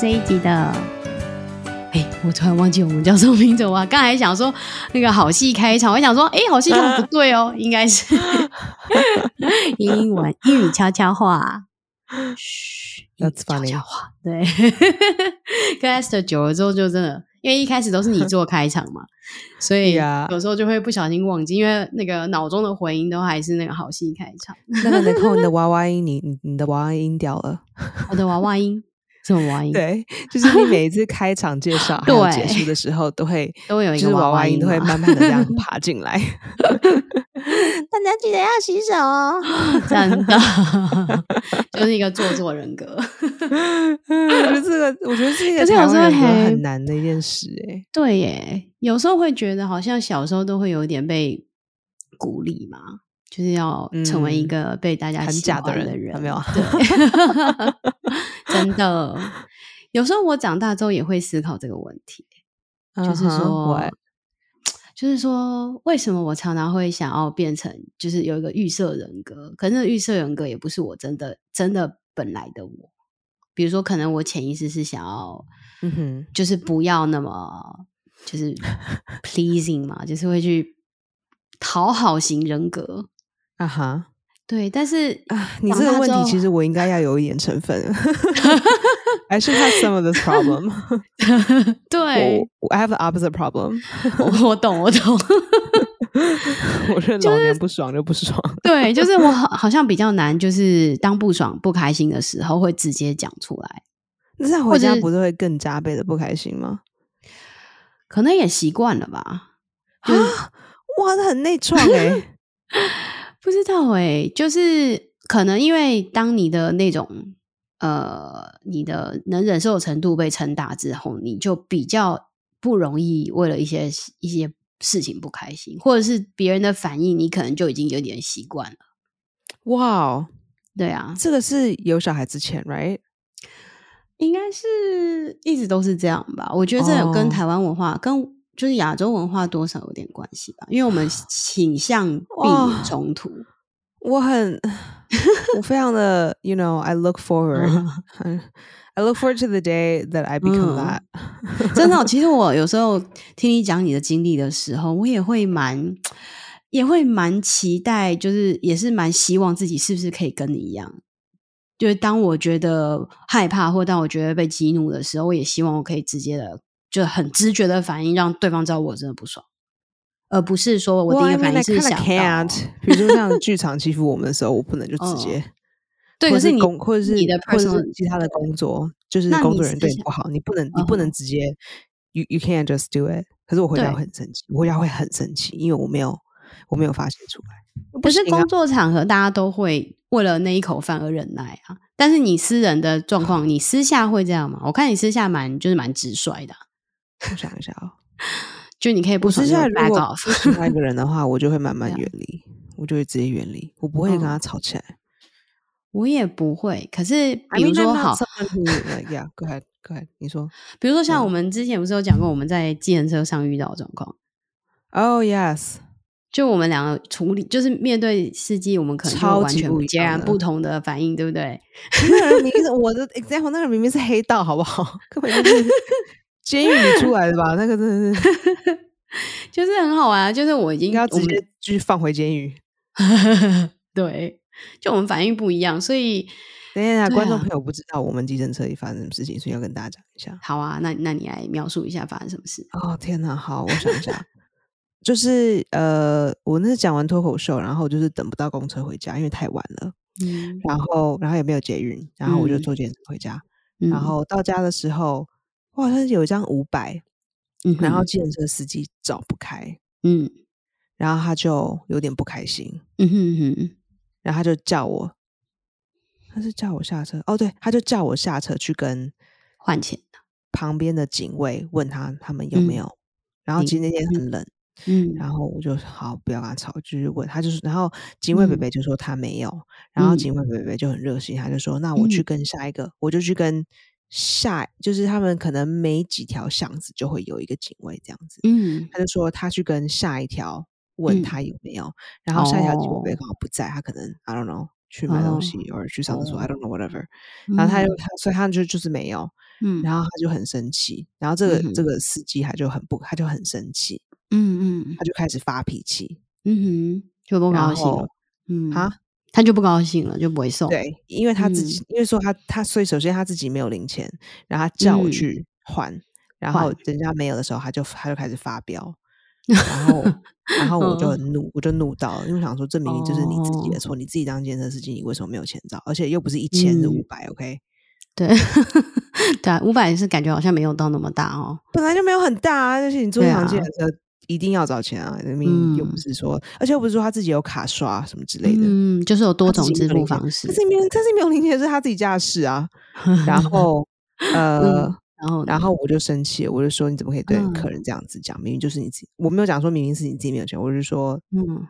這一集的，哎，我突然忘記我們叫什麼名字，我剛才想說那個好戲開場，我想說，哎，好戲就不對哦，應該是英文英語悄悄話，噓，悄悄話。對，開始久了之後就真的，因為一開始都是你做開場嘛，所以啊，有時候就會不小心忘記，因為那個腦中的回音都還是那個好戲開場。那個得靠你的娃娃音，你你你的娃娃音掉了，我的娃娃音。這種娃娃音，對，就是你每一次開場介紹，對，結束的時候 對都會都有一個娃娃音，會慢慢的這樣爬進來。大家記得要洗手哦！真的，就是一個做作人格， 嗯。我覺得這個我覺得是一個，可是有時候很難的一件事，欸，哎。對耶，耶有時候會覺得好像小時候都會有點被鼓勵嘛。就是要成為一個被大家喜歡的人，嗯、很假的人，對有沒有 真的，有時候我長大之後也會思考這個問題，uh、huh, 就是說，right. 就是說，為什麼我常常會想要變成，就是有一個預設人格？可是那預設人格也不是我真的真的本來的我。比如說，可能我潛意識是想要，mm hmm. 就是不要那麼就是 pleasing 嘛， 就是會去討好型人格。啊哈，uh huh. 對，但是啊，uh, 你這個問題其實我應該要有一點成分 ，I should have some of this problem 對。對、oh,，I have the opposite problem 我。我懂，我懂。 我認老年不爽就不爽、就是。對，就是我好像比較難，就是當不爽不開心的時候會直接講出來。那在回家不是會更加倍的不開心嗎？可能也習慣了吧。啊、就是，哇，他很內創哎。 不知道哎、欸，就是可能因為當你的那種呃，你的能忍受程度被撐大之後，你就比較不容易為了一些一些事情不開心，或者是別人的反應，你可能就已經有點習慣了。哇，Wow, 對啊，這個是有小孩之前，right？應該是一直都是這樣吧？我覺得這跟台灣文化、oh. 跟。就是亞洲文化多少有點關係吧，因為我們傾向避免衝突。我很，我非常的 ，you know，I look forward，I、嗯、look forward to the day that I become that。 真的、哦，其實我有時候聽你講你的經歷的時候，我也會蠻，也會蠻期待，就是也是蠻希望自己是不是可以跟你一樣，就是當我覺得害怕或當我覺得被激怒的時候，我也希望我可以直接的。就很直覺的反應，讓對方知道我真的不爽，而不是說我第一個反應是想，比如說像劇場欺負我們的時候，我不能就直接。 嗯、對，可是你或者是，工或者是你的或者是其他的工作，就是工作人員對你不好，你，你不能、uh huh. 你不能直接，you you can't just do it。可是我回家會很生氣，對我回家會很生氣，因為我沒有我沒有發洩出來。不是工作場合，大家都會為了那一口飯而忍耐啊。 但是你私人的狀況， 你私下會這樣嗎？我看你私下蠻就是蠻直率的。我想一下啊，就你可以不是像是另外一個人的話，我就會慢慢遠離，我就會直接遠離，我不會跟他吵起來。我也不會。可是比如說，好，Yeah，Go ahead，Go ahead，你說，比如說像我們之前不是有講過我們在計程車上遇到的狀況？Oh yes，就我們兩個處理就是面對司機，我們可能超完全截然不同的反應，對不對？那我的 example，那個明明是黑道，好不好？監獄裡出來的吧？ 那個真的是， 就是很好玩啊！就是我已經應該要直接去放回監獄。我們 對，就我們反應不一樣，所以等一下，啊、觀眾朋友不知道我們計程車裡發生什麼事情，所以要跟大家講一下。好啊，那那你來描述一下發生什麼事？哦，天哪！好，我想一下， 就是呃，我那次講完脫口秀，然後就是等不到公車回家，因為太晚了。嗯、然後，然後也沒有捷運，然後我就坐計程車回家。嗯、然後到家的時候。好他有一張五百，嗯，然後計程車司機找不開，嗯哼，然後他就有點不開心，嗯哼嗯哼，然後他就叫我，他是叫我下車，哦，對，他就叫我下車去跟換錢的旁邊的警衛問他，他們有沒有，然後其實那天很冷，嗯，嗯，然後我就好，不要跟他吵，繼續他就是問他，就是然後警衛伯伯就說他沒有，嗯、然後警衛伯伯就很熱心，他就說那我去跟下一個，嗯、我就去跟。下就是他們可能每幾條巷子就會有一個警衛這樣子，嗯，他就說他去跟下一條問他有沒有，然後下一條警衛剛好不在，他可能 I don't know 去買東西或者去上廁所 I don't know whatever，然後他就所以他就就是沒有，嗯，然後他就很生氣，然後這個這個司機他就很不他就很生氣，嗯嗯，他就開始發脾氣，嗯哼，就多嗯他就不高興了，就不會送。對，因為他自己，嗯、因為說他他，所以首先他自己沒有零錢，然後他叫我去換。嗯、然後人家沒有的時候，他就他就開始發飆，換然後 然後我就很怒，哦、我就怒到了，因為想說這明明就是你自己的錯，哦、你自己當計程車司機你為什麼沒有錢找，而且又不是一千是五百，OK？對對，五 百，啊、是感覺好像沒有到那麼大哦，本來就沒有很大，啊，就是你做的健身啊。一定要找錢啊！明明又不是說，嗯、而且又不是說他自己有卡刷什麼之類的。嗯，就是有多種支付方式。但是沒有，但是沒有零錢是他自己家的事啊。 然後，呃，嗯、然後，然後我就生氣，我就說：“你怎麼可以對客人這樣子講？嗯、明明就是你自己，我沒有講說明明是你自己沒有錢。”我就說：“嗯，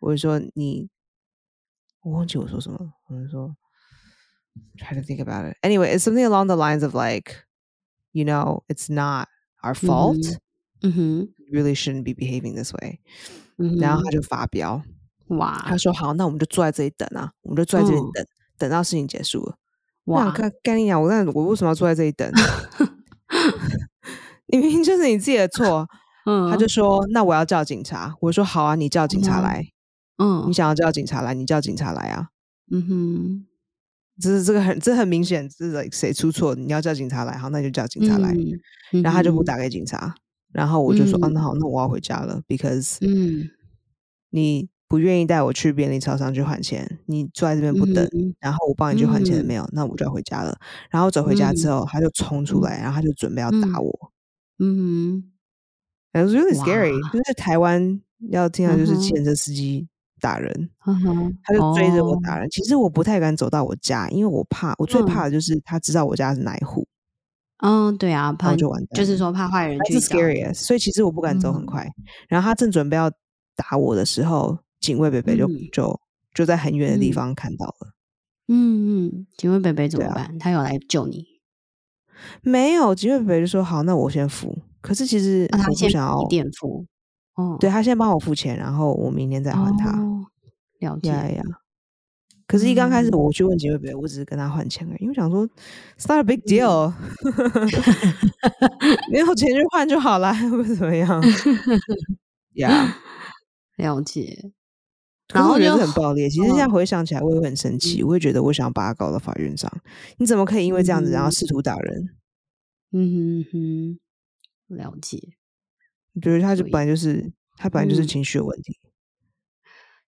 我就說你，我忘記我說什麼。我就說，try to think about it. Anyway, it's something along the lines of like, you know, it's not our fault.”、嗯嗯哼，really shouldn't be behaving this way。然後他就發飆，哇！他說：“好，那我們就坐在這裡等啊，我們就坐在這裡等，等到事情結束了。”哇！幹，跟你講，我問我為什麼要坐在這裡等？你明明就是你自己的錯。嗯，他就說：“那我要叫警察。”我說：“好啊，你叫警察來。”嗯，你想要叫警察來，你叫警察來啊。嗯哼，這是這個很這很明顯，這是誰出錯？你要叫警察來，好，那就叫警察來。然後他就不打給警察。然後我就說，嗯，那好，那我要回家了，because，你不願意帶我去便利超商去換錢，你坐在這邊不等，然後我幫你去換錢了沒有？那我就要回家了。然後走回家之後，他就衝出來，然後他就準備要打我。嗯哼，it was really scary，就是台灣要聽到就是計程車司機打人，他就追着我打人。其實我不太敢走到我家，因為我怕，我最怕的就是他知道我家是哪一戶。嗯、哦，對啊，怕就完蛋，就是說怕壞人去，所以其實我不敢走很快。嗯、然後他正準備要打我的時候，警衛北北就、嗯、就就在很遠的地方看到了。嗯嗯，警衛北北怎麼辦？啊、他有來救你？沒有，警衛北北就說好，那我先付。可是其實他不想要墊、啊、付。哦，對，他先在幫我付錢，然後我明天再還他。哦、了解呀。可是，一剛開始我去問幾位別，我只是跟他換錢而已，因為想說，start a big deal，沒有錢去換就好了，不怎麼樣，呀，了解。然後人很暴力，其實現在回想起來，我也會很生氣，我也覺得我想把他告到法院上。你怎麼可以因為這樣子，然後試圖打人？嗯哼哼，了解。我覺得他就本來就是，他本來就是情緒有問題。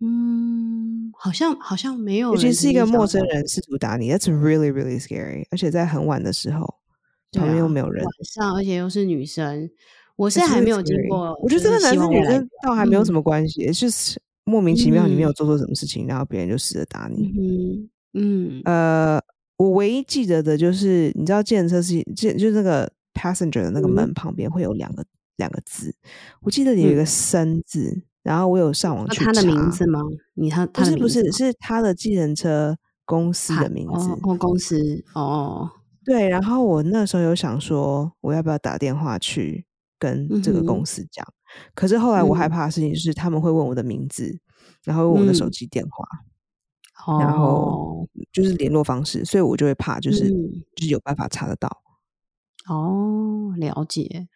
嗯，好像好像沒有，尤其是一個陌生人試圖打你，That's really really scary。而且在很晚的時候，旁邊又沒有人，晚上而且又是女生，我現在還沒有聽過。我覺得這個男生女生倒還沒有什麼關係，就是莫名其妙你沒有做錯什麼事情，然後別人就試着打你。嗯呃，我唯一記得的就是，你知道，計程車是就就那個 passenger 的那個門旁邊會有兩個兩個字，我記得有一個生字。然後我有上網去查他的名字嗎？你，他不是不是是他的計程車公司的名字。哦哦、公司哦，哦，對。然後我那時候有想說，我要不要打電話去跟這個公司講？嗯、哼可是後來我害怕的事情就是，他們會問我的名字，嗯、然後問我的手機電話，嗯、然後就是聯絡方式，所以我就會怕，就是、嗯、就是有辦法查得到。哦，了解。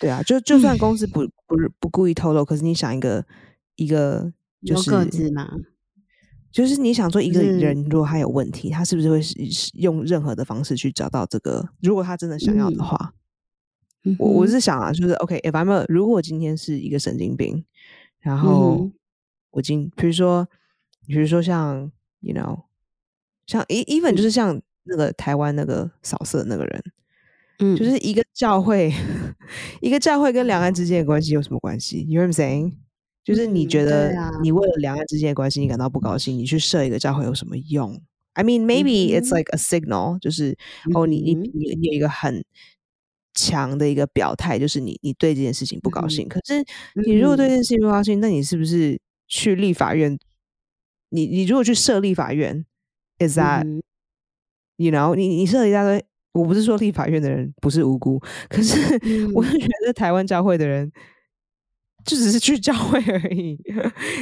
對啊，就就算公司不、嗯、不不、不故意透露，可是你想一個一個就是各自嘛，就是你想說，一個人如果他有問題，嗯、他是不是會用任何的方式去找到這個？如果他真的想要的話，嗯、我我是想啊，就是 OK，if、okay, I'm a 如果今天是一個神經病，然後我今比如說，比如說像 you know，像一 even 就是像那個台灣那個掃射那個人。嗯，就是一個教會，嗯、一個教會跟兩岸之間的關係有什麼關係？You know what I'm saying？、嗯、就是你覺得你為了兩岸之間的關係你感到不高興，你去設一個教會有什麼用？I mean maybe it's like a signal，、嗯、就是、嗯、哦你你你有一個很強的一個表態，就是你你對這件事情不高興。嗯、可是你如果對這件事情不高興，嗯、那你是不是去立法院？你你如果去設立法院，is that、嗯、you know？你你設立一大堆。我不是說立法院的人不是無辜，可是我就覺得台灣教會的人就只是去教會而已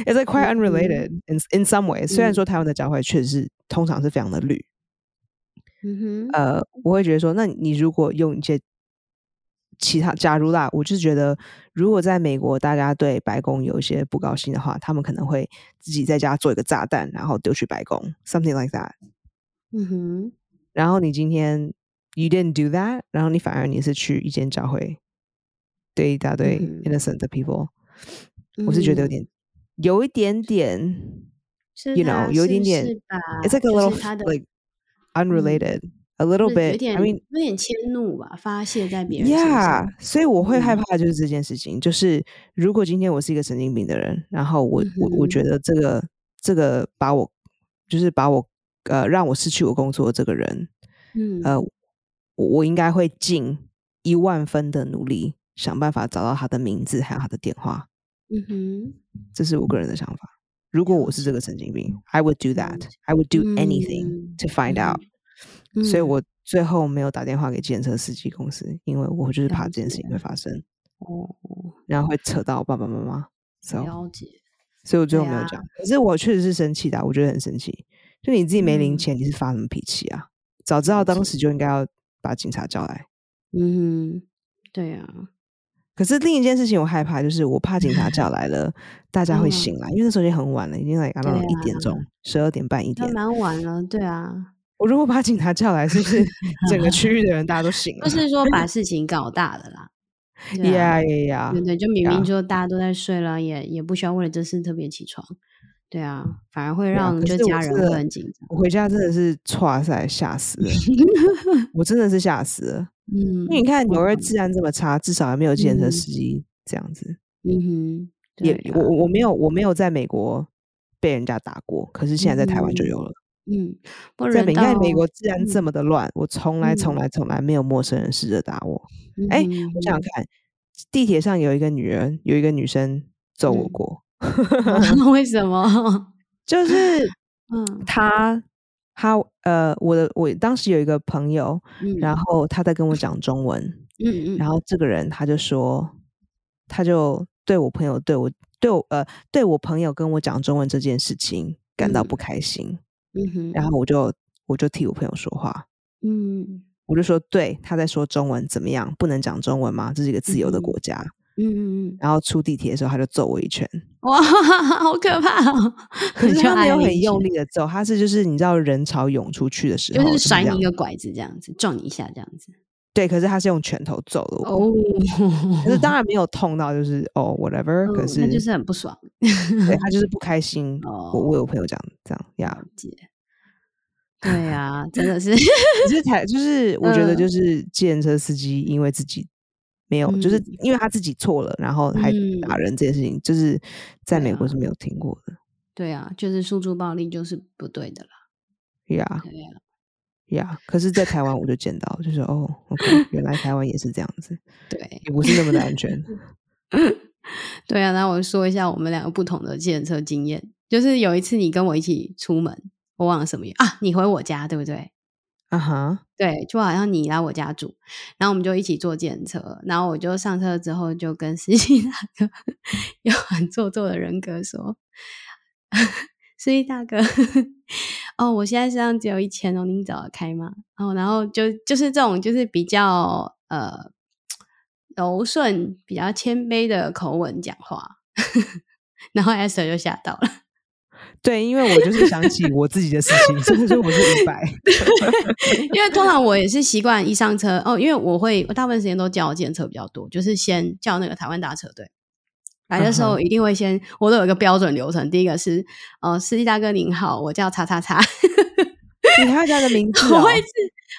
，It's like quite unrelated in some way.、Mm hmm. 雖然說台灣的教會確實是通常是非常的綠，嗯、mm hmm. 呃，我會覺得說，那你如果用一些其他，假如啦，我就是覺得如果在美國大家對白宮有一些不高興的話，他們可能會自己在家做一個炸彈，然後丟去白宮，something like that. 嗯哼、mm，hmm. 然後你今天。You didn't do that，然後你反而你是去一間教會，對一大堆 innocent 的 people，我是覺得有點，有一點點，You know，有一點點，It's like a little unrelated，a little bit，I mean，有點遷怒吧，發洩在別人。Yeah，所以我會害怕的就是這件事情，就是如果今天我是一個神經病的人，然後我我我覺得這個這個把我就是把我呃讓我失去我工作的這個人，嗯呃。我我應該會盡一萬分的努力，想辦法找到他的名字還有他的電話。嗯哼、mm，hmm. 這是我個人的想法。如果我是這個神經病、mm hmm.，I would do that.、Mm hmm. I would do anything to find out.、Mm hmm. 所以我最後沒有打電話給計程車司機公司，mm hmm. 因為我就是怕這件事情會發生。了解。哦，然後會扯到爸爸媽媽。So, 了解。所以我最後沒有講。可是我確實是生氣的、啊，我覺得很生氣。就你自己沒零錢，嗯、你是發什麼脾氣啊？早知道當時就應該要。把警察叫來，嗯哼，對啊。可是另一件事情我害怕，就是我怕警察叫來了， 大家會醒來，因為那時候已經很晚了，已經來到一點鐘，十二點半一點，蠻晚了。對啊，我如果把警察叫來，是不是整個區域的人大家都醒了？就 是說把事情搞大了啦。呀呀呀！Yeah, yeah, yeah, 對,對，就明明就大家都在睡了，yeah. 也也不需要為了這事特別起床。對啊，反而會讓這家人很緊張，啊。我回家真的是哇塞，嚇死了！ 我真的是嚇死了。嗯，那你看，紐約治安這麼差，至少還沒有計程車司機這樣子。嗯哼，啊、也我我沒有我沒有在美國被人家打過，可是現在在台灣就有了。嗯，嗯不在美，因為美國治安這麼的亂，嗯、我從來從來從來沒有陌生人試着打我。哎、嗯哼欸，我想，想看地鐵上有一個女人，有一個女生揍我過。嗯為什麼？ 就是嗯，他他呃，我的我當時有一個朋友，嗯、然後他在跟我講中文，嗯嗯，嗯然後這個人他就說，他就對我朋友對我對我呃對我朋友跟我講中文這件事情感到不開心，嗯哼，然後我就我就替我朋友說話，嗯，我就說，對，他在說中文怎麼樣？不能講中文嗎？這是一個自由的國家。嗯嗯，然後出地鐵的時候，他就揍我一拳，哇，好可怕！可是他沒有很用力的揍，他是就是你知道人潮湧出去的時候，就是甩你一個拐子這樣子，撞你一下這樣子。對，可是他是用拳頭揍的我。哦，可是當然沒有痛到，就是哦 whatever，可是就是很不爽。對，他就是不開心。我我有朋友講這樣，解。對呀，真的是，是才就是我覺得就是計程車司機因為自己。沒有，就是因為他自己錯了，嗯、然後還打人這件事情，嗯、就是在美國是沒有聽過的。對啊，就是訴諸暴力就是不對的啦 yeah, 對對了。呀，呀，可是，在台灣我就見到， 就是哦 okay, 原來台灣也是這樣子。對， 也不是那麼的安全。 對啊，那我說一下我們兩個不同的計程車經驗。就是有一次你跟我一起出門，我忘了什麼呀啊？你回我家對不對？嗯哼，uh huh. 對，就好像你來我家住，然後我們就一起坐計程車，然後我就上車之後就跟司機大哥有很做作的人格說：“司機大哥，哦，我現在身上只有一千哦，您找得開嗎？”哦，然後就就是這種就是比較呃柔順、比較謙卑的口吻講話，然後 s 就嚇到了。對，因為我就是想起我自己的事情，所以說我是五百。因為通常我也是習慣一上車哦，因為我會大部分時間都叫接車比較多,就是先叫那個台灣大車隊來的時候，一定會先、嗯、哼我都有一個標準流程，第一個是呃，司機大哥您好，我叫叉叉叉， 你還要加個名字、哦、我會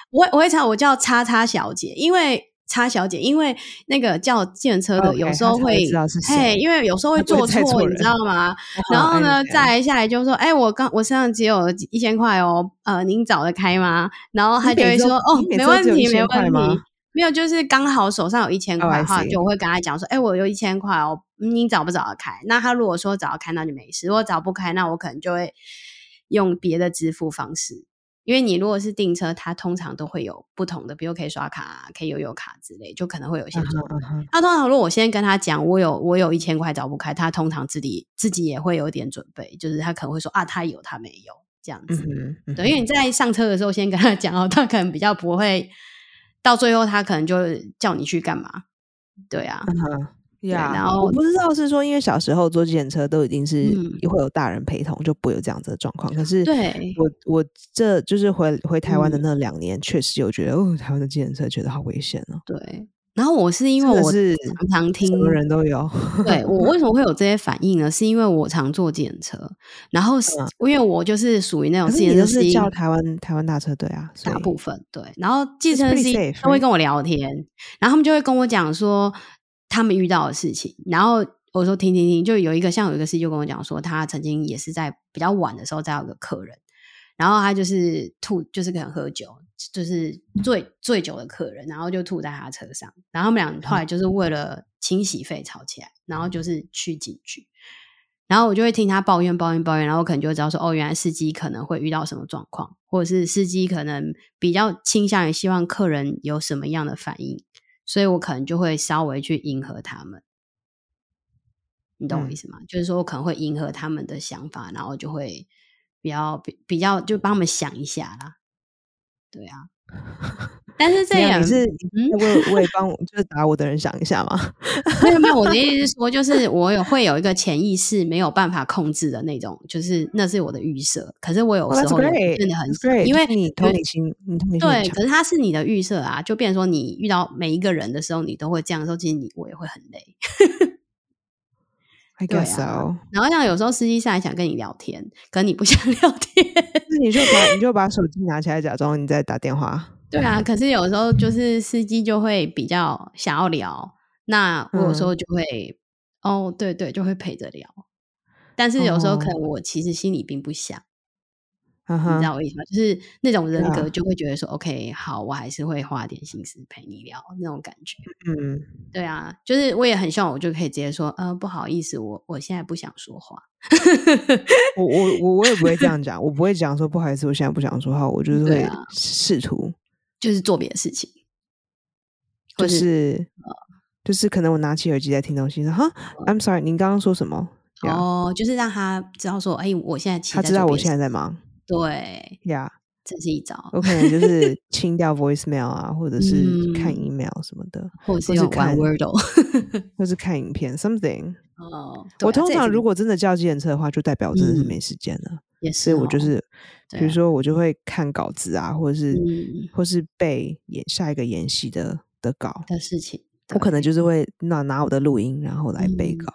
我我我會查，我叫叉叉小姐，因為。差小姐，因為那個叫計程車的 okay, 有時候會，會嘿，因為有時候會坐錯，錯你知道嗎？哦、然後呢，哎、呀再來下來就說，哎，我剛我身上只有一千塊哦，呃，您找得開嗎？然後他就會說，哦，沒問題，沒問題，沒有，就是剛好手上有一千塊的話，oh, I 就我會跟他講說，哎，我有一千塊哦、嗯，您找不找得開？那他如果說找得開，那就沒事；如果找不開，那我可能就會用別的支付方式。因為你如果是訂車，他通常都會有不同的，比如可以刷卡、可以悠遊卡之類，就可能會有些他、uh huh, uh huh. 啊、通常如果我先跟他講，我有我有一千塊找不開，他通常自己自己也會有點準備，就是他可能會說啊，他有他沒有這樣子。Uh huh, uh huh. 對，因為你在上車的時候先跟他講，他可能比較不會到最後，他可能就叫你去幹嘛？對啊。Uh huh. 對啊，然後我不知道是說，因為小時候坐計程車都已經是會有大人陪同，嗯、就不會有這樣子的狀況。可是我對我這就是回回台灣的那兩年，嗯、確實有覺得哦，台灣的計程車覺得好危險哦。對，然後我是因為我是常常聽什麼人都有， 對我為什麼會有這些反應呢？是因為我常坐計程車，然後、嗯、因為我就是屬於那種計程車是叫台灣台灣大車隊啊，大部分對，然後計程師都會跟我聊天，right? 然後他們就會跟我講說。他們遇到的事情，然後我說：“停停停！”就有一個像有一個司機就跟我講說，他曾經也是在比較晚的時候載了個客人，然後他就是吐，就是可能喝酒，就是醉醉酒的客人，然後就吐在他車上，然後他們倆後來就是為了清洗費吵起來，嗯、然後就是去警局，然後我就會聽他抱怨抱怨抱怨，然後我可能就會知道說，哦，原來司機可能會遇到什麼狀況，或者是司機可能比較傾向於希望客人有什麼樣的反應。所以我可能就會稍微去迎合他們，你懂我意思嗎？嗯、就是說我可能會迎合他們的想法，然後就會比較比比較就幫他們想一下啦，對啊。 但是這樣，嗯，我我也幫我 就是打我的人想一下嘛。沒有沒有，我的意思是說，就是我有會有一個潛意識沒有辦法控制的那種，就是那是我的預設。可是我有時候有、oh, that's great. 真的很累，Great. 因為你同理心，你同理心對，對，可是它是你的預設啊，就變成說你遇到每一個人的時候，你都會這樣說，其實你我也會很累。 I guess so. 對啊。然後像有時候司機上來想跟你聊天，可你不想聊天，那你就把你就把手機拿起來假裝你在打電話。對啊，可是有時候就是司機就會比較想要聊，那我有時候就會、嗯、哦，對對，就會陪着聊。但是有時候可能我其實心裡並不想，哦、你知道我意思嗎？就是那種人格就會覺得說、啊、OK，好，我還是會花點心思陪你聊那種感覺。嗯，對啊，就是我也很希望我就可以直接說，呃，不好意思，我我現在不想說話。 我我我我也不會這樣講， 我不會講說不好意思，我現在不想說話，我就是會試圖。就是做別的事情，就是就是可能我拿起耳機在聽東西，說哈，I'm sorry，您剛剛說什麼？Yeah. 哦，就是讓他知道說，哎、欸，我現在，在他知道我現在在忙，對，呀，Yeah. 這是一招。我可能就是清掉 voicemail 啊， 或者是看 email 什麼的，或者，或者是看 Wordle， 或者是看影片 something。哦，啊、我通常如果真的叫計程車的話，就代表我真的是沒時間了。嗯也是哦、所以我就是。比如說，我就會看稿子啊，或者是，或是背演下一個演戲的的稿的事情。我可能就是會拿拿我的錄音，然後來背稿，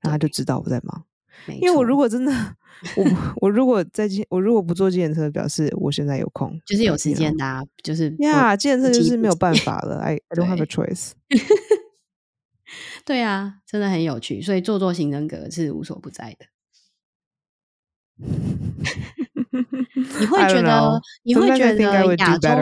然後他就知道我在忙。因為我如果真的，我我如果在，我如果不坐計程車，表示我現在有空，就是有時間的，就是呀，計程車就是沒有辦法了，I I don't have a choice。對啊，真的很有趣，所以做作型人格是無所不在的。 你會覺得你會覺得亞洲？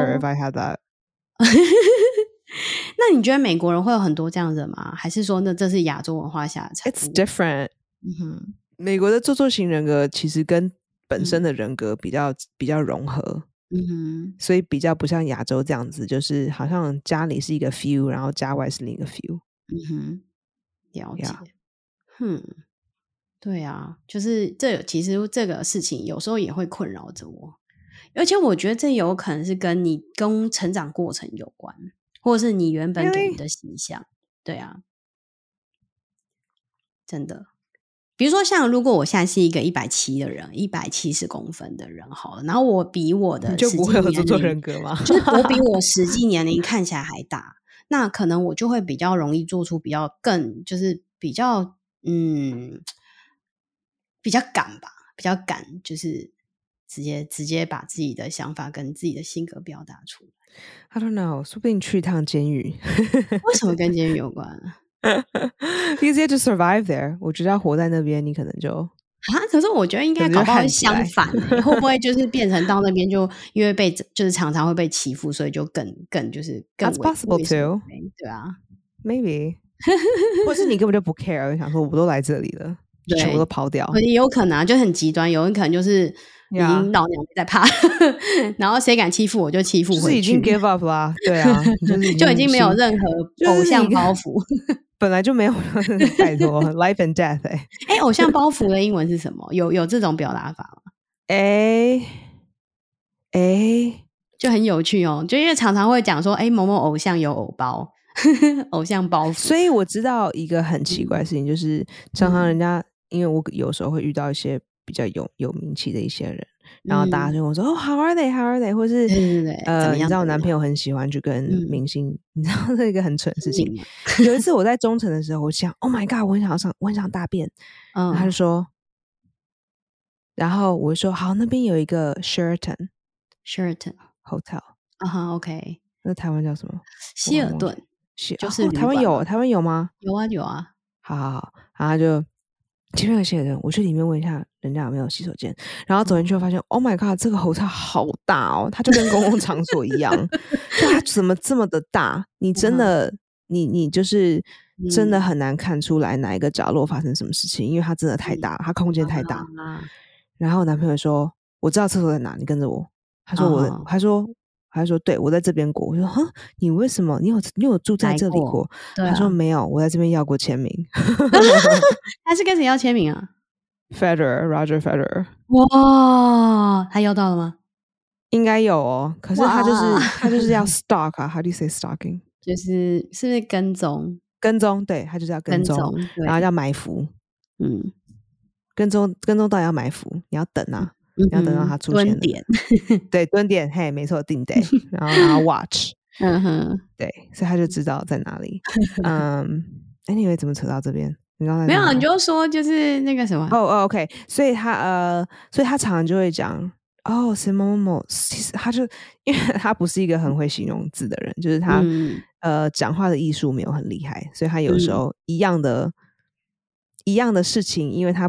那你覺得美國人會有很多這樣的嗎？還是說那這是亞洲文化下的？It's different S、嗯哼。美國的做作型人格其實跟本身的人格比較、嗯、比較融合。嗯、哼所以比較不像亞洲這樣子，就是好像家裡是一個 few，然後家外是另一個 few。嗯哼，了解。哼 Yeah.、嗯。對啊，就是這其實這個事情有時候也會困擾着我，而且我覺得這有可能是跟你跟成長過程有關，或者是你原本給你的形象。因為，對啊，真的，比如說像如果我現在是一個一百七的人，一百七十公分的人好了，然後我比我的實際年齡就不會合作人格嗎？就是我比我實際年齡看起來還大， 那可能我就會比較容易做出比較更就是比較嗯。比較敢吧，比較敢，就是直接直接把自己的想法跟自己的性格表達出來。I don't know，說不定去一趟監獄。 為什麼跟監獄有關 ？Because to survive there，我覺得要活在那邊你可能就啊。可是我覺得應該搞不好是相反， 會不會就是變成到那邊就因為被就是常常會被欺負，所以就更更就是 That's possible too，對啊，maybe， 或是你根本就不 care，想說我不都來這裡了。全部對都拋掉，也有可能、啊、就很極端，有人可能就是你已經老娘在怕，Yeah. 然後誰敢欺負我就欺負回去，就是已經 give up 啊，對啊， 就，已就已經沒有任何偶像包袱，你 本來就沒有， 太多 life and death 哎、欸欸，偶像包袱的英文是什麼？有有這種表達法嗎？哎哎，就很有趣哦，就因為常常會講說，哎、欸，某，某某偶像有偶包，偶像包袱， 所以我知道一個很奇怪的事情，就是、嗯、常常人家。因為我有時候會遇到一些比較有有名氣的一些人，然後大家就跟我說：“哦，How are they? How are they？” 或是呃，你知道我男朋友很喜歡去跟明星，你知道那一個很蠢的事情。有一次我在中城的時候，我想：“Oh my god！” 我很想要上，我很想大便。嗯，他就說，然後我就說：“好，那邊有一個 Sheraton，Sheraton hotel 啊。”哈，OK，那台灣叫什麼？希爾頓，就是台灣有，台灣有嗎？有啊，有啊。好好好，然後就。前面有寫人，我去裡面問一下人家有沒有洗手間，然後走進去我發現、嗯、，Oh my god，這個候差好大哦，它就跟公共場所一樣， 它怎麼這麼的大？你真的，嗯、你你就是真的很難看出來哪一個角落發生什麼事情，因為它真的太大，它空間太大。嗯、然後我男朋友說：“我知道廁所在哪，你跟着我。”他說我、嗯、說：“我他說。”他說：“對，我在這邊過。”我說：“哼，你為什麼？你有你有住在這裡過？”他說：“沒有，我在這邊要過簽名。”他是跟誰要簽名啊？Federer，Roger Federer。哇，他要到了嗎？應該有哦。可是他就是他就是要 stalk 啊？How do you say stalking？就是是不是跟蹤？跟蹤，對，他就是要跟蹤，然後要埋伏。嗯，跟蹤跟蹤到要埋伏，你要等啊。你要等到他出現、嗯，蹲點 對，蹲點，嘿，沒錯，定 day， 然後然後 watch，對、嗯、哼對，所以他就知道在哪裡。嗯，anyway，怎麼扯到這邊？ 你剛才沒有，你就說就是那個什麼？哦哦、oh, oh，OK，所以他呃，所以他常常就會講哦，什麼什麼，其實他就因為他不是一個很會形容字的人，就是他、嗯、呃，講話的藝術沒有很厲害，所以他有時候一樣的，嗯、一樣的事情，因為他。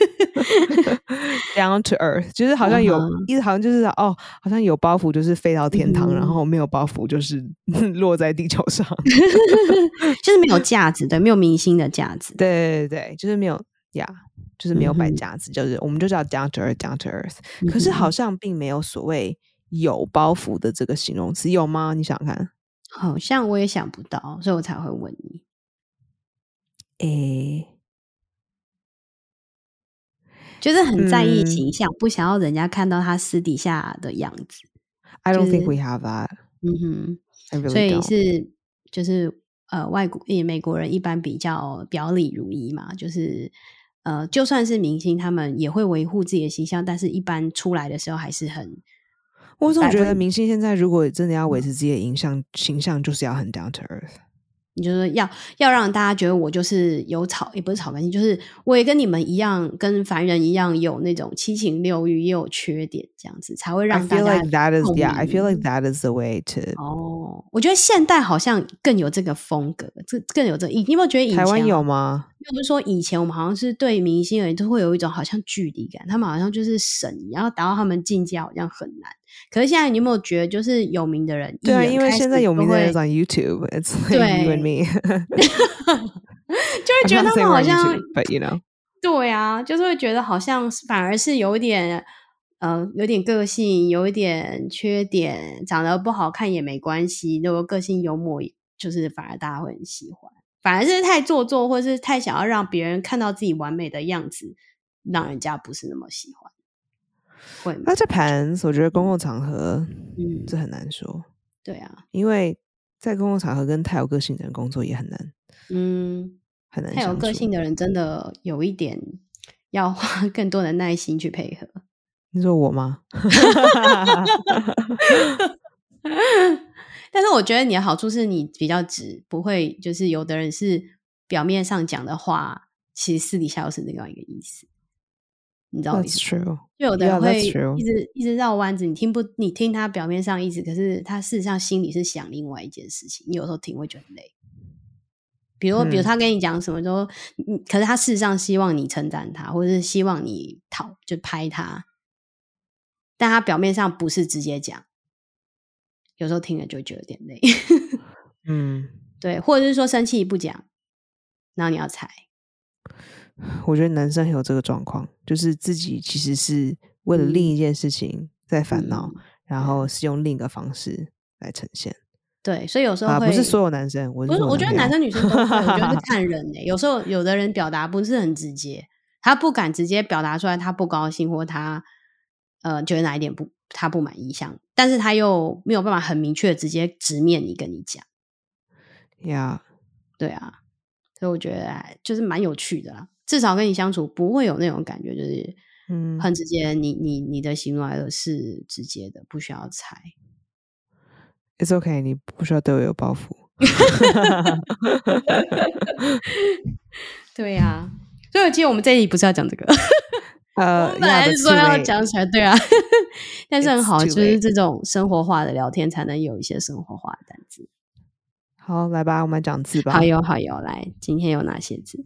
Down to earth，就是好像有意思，uh huh. 一好像就是哦，好像有包袱，就是飛到天堂，uh huh. 然後沒有包袱，就是落在地球上， 就是沒有架子對，沒有明星的架子的。對對對，就是沒有呀，就是沒有擺、yeah, 架子，uh huh. 就是我們就叫 down to earth，down to earth，、uh huh. 可是好像並沒有所謂有包袱的這個形容詞，有嗎？你想想看，好像我也想不到，所以我才會問你，誒。就是很在意形象，Mm. 不想要人家看到他私底下的樣子。I don't think、就是、we have that。嗯哼，I really 所以是 don't. 就是呃，外國也美國人一般比較表裡如一嘛，就是呃，就算是明星，他們也會維護自己的形象，但是一般出來的時候還是很。我總覺得明星現在如果真的要維持自己的形象，嗯、形象就是要很 down to earth。Ear 你就是要要讓大家覺得我就是有草，也、欸，不是草，根性，就是我也跟你們一樣，跟凡人一樣有那種七情六欲，也有缺點，這樣子才會讓大家。I feel like that is yeah. I feel like that is the way to. 哦，oh, 我覺得現代好像更有這個風格，這更有這個、你有沒有覺得、啊、台灣有嗎？就是說，以前我們好像是對明星而言，都會有一種好像距離感，他們好像就是神，然後達到他們境界好像很難。可是現在，你有沒有覺得，就是有名的人？對、啊，因為現在有名的人在 YouTube，It's 對、like、you and me， 就會覺得他們好像 you, you know. 對呀、啊，就是會覺得好像反而是有點呃，有點個性，有一點缺點，長得不好看也沒關係。如果個性幽默，就是反而大家會很喜歡。反而是太做作，或是太想要讓別人看到自己完美的樣子，讓人家不是那麼喜歡。會那、啊、這盤，我覺得公共場合，嗯，這很難說。對啊，因為在公共場合跟太有個性的人工作也很難。嗯，很難說。太有個性的人真的有一點要花更多的耐心去配合。你說我嗎？ 但是我覺得你的好處是你比較直，不會就是有的人是表面上講的話，其實私底下又是那樣一個意思，你知道我意思嗎？That's true. 就有的人會一直，Yeah, that's true. 一直，一直繞彎子，你聽不你聽他表面上意思，可是他事實上心裡是想另外一件事情。你有時候聽會覺得累，比如，嗯，比如他跟你講什麼說，可是他事實上希望你稱讚他，或者是希望你討就拍他，但他表面上不是直接講。有時候聽了就覺得有點累， 嗯，對，或者是說生氣不講，然後你要猜。我覺得男生有這個狀況，就是自己其實是為了另一件事情在煩惱，嗯、然後是用另一個方式來呈現。對，所以有時候會、啊、不是所有男生，我是生不是，我覺得男生女生都， 我覺得看人誒、欸。有時候有的人表達不是很直接，他不敢直接表達出來，他不高興或他呃覺得哪一點不。他不滿意，向，但是他又沒有辦法很明確直接直面你跟你講，呀，Yeah. 對啊，所以我覺得就是蠻有趣的啦，至少跟你相處不會有那種感覺，就是嗯，很直接你、嗯你，你你你的喜怒哀樂是直接的，不需要猜。It's OK，你不需要對我有包袱。 對呀、啊，所以記得我們這裡不是要講這個。嗯、本來說要講起來。對啊，s 但是很好，就是這種生活化的聊天才能有一些生活化的單字。好，來吧，我們講字吧。好喲，好喲，來，今天有哪些字？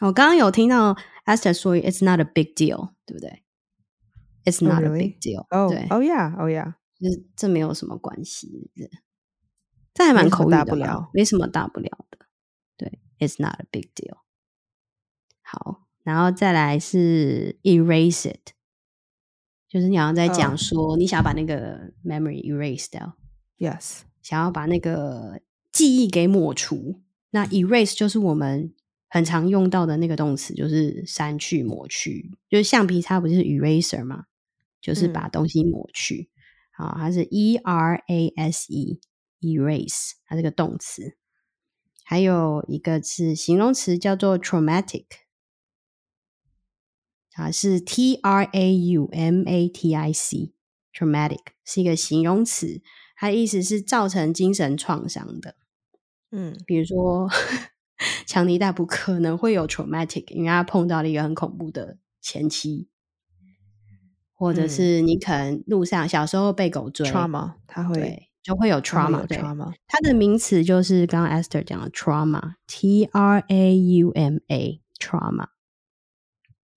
我剛剛有聽到 Esther 說 “It's not a big deal”，對不對？It's not a big deal。哦，哦、oh, really? oh, oh, oh,，Yeah，哦、oh,，Yeah，就這沒有什麼關係的，這還蠻口語的，沒什，沒什麼大不了的。對，It's not a big deal。好。然後再來是 erase it，就是你好像在講說，你想要把那個 memory erase 掉，yes，想要把那個記憶給抹除。那 erase 就是我們很常用到的那個動詞，就是刪去、抹去，就是橡皮擦，不就是 eraser 嗎？就是把東西抹去。嗯、好，它是 E R A S E，erase，它是個動詞。還有一個是形容詞，叫做 traumatic。啊，是 traumatic，traumatic 是一個形容詞，它的意思是造成精神創傷的。嗯，比如說呵呵強尼大不可能會有 traumatic，因為他碰到了一個很恐怖的前妻，或者是你可能路上小時候被狗追，trauma，他會就會有 trauma tra。trauma，、嗯、它的名詞就是剛剛 Esther 講的 trauma，trauma。R A U M A, tra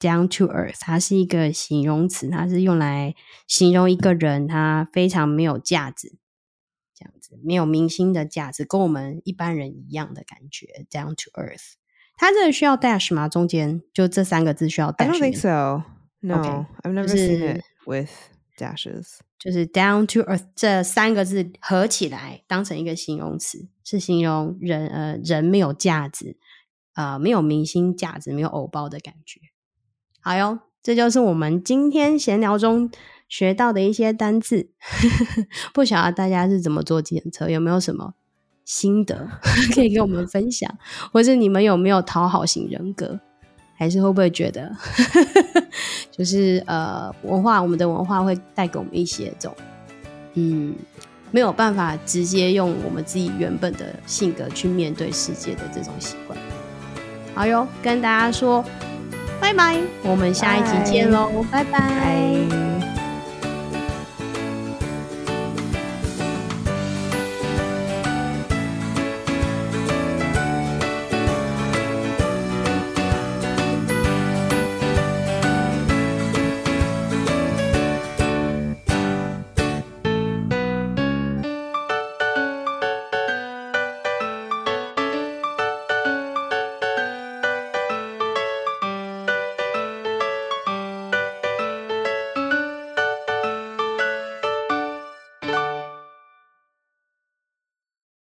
Down to earth，它是一個形容詞，它是用來形容一個人，他非常沒有價值，這樣子沒有明星的價值，跟我們一般人一樣的感覺。Down to earth，它這個需要 dash 嗎？中間就這三個字需要 dash？I don't think so. No, Okay. I've never seen it with dashes. 就是 down to earth 這三個字合起來當成一個形容詞，是形容人呃人沒有價值，呃沒有明星價值，沒有偶包的感覺。好喲，這就是我們今天閒聊中學到的一些單字， 不曉得大家是怎麼坐計程車，有沒有什麼心得可以跟我們分享， 或是你們有沒有討好型人格，還是會不會覺得 就是呃文化，我們的文化會帶給我們一些這種嗯沒有辦法直接用我們自己原本的性格去面對世界的這種習慣。好喲，跟大家說。拜拜，bye bye 我們下一集見嘍，拜拜。